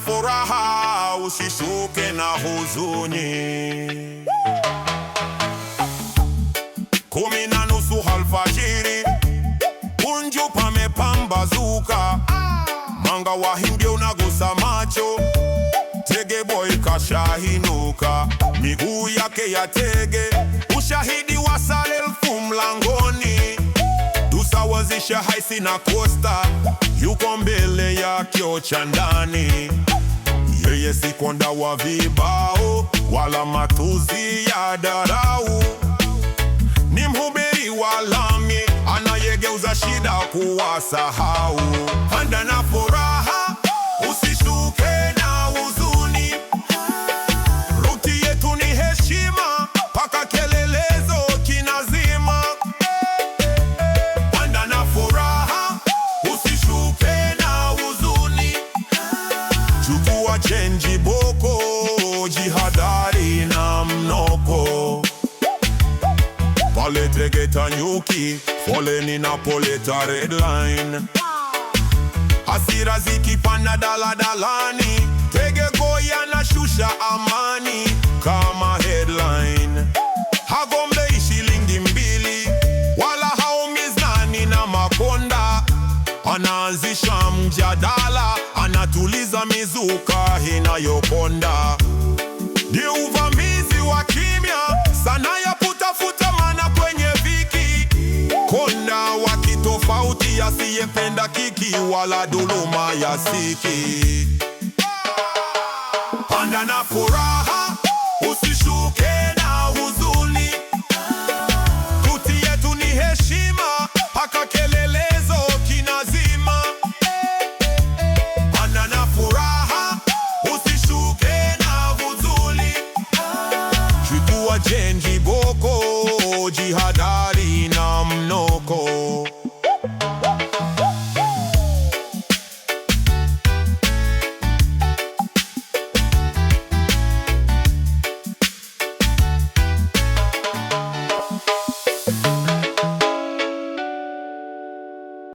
furaha, usishuke na huzuni. Kumi na nusu alfajiri, kunju pamepambazuka, mwanga wa hindi unagusa macho, tege boy kashahinuka, miguu yake ya tege coaster. You can kosta, yuko mbele ya and Danny. ndani. Yeye see, konda wa vibao wala matuzi ya darau, ni mhubiri wa lami anayegeuza shida kuwa sahau. Panda na wachenji boko, jihadari na mnoko. Pale Tegeta nyuki, foleni napoleta line, Hasira zikipanda daladalani, Tegeko yanashusha amani kama headline. Hagombei shilingi mbili, wala haongezi nani na Makonda, anaanzisha mjadala za mizuka inayoponda ni uvamizi wa kimya sana ya kutafuta mana kwenye viki konda wa kitofauti asiyependa kiki wala duluma ya siki panda na furaha jihad ah.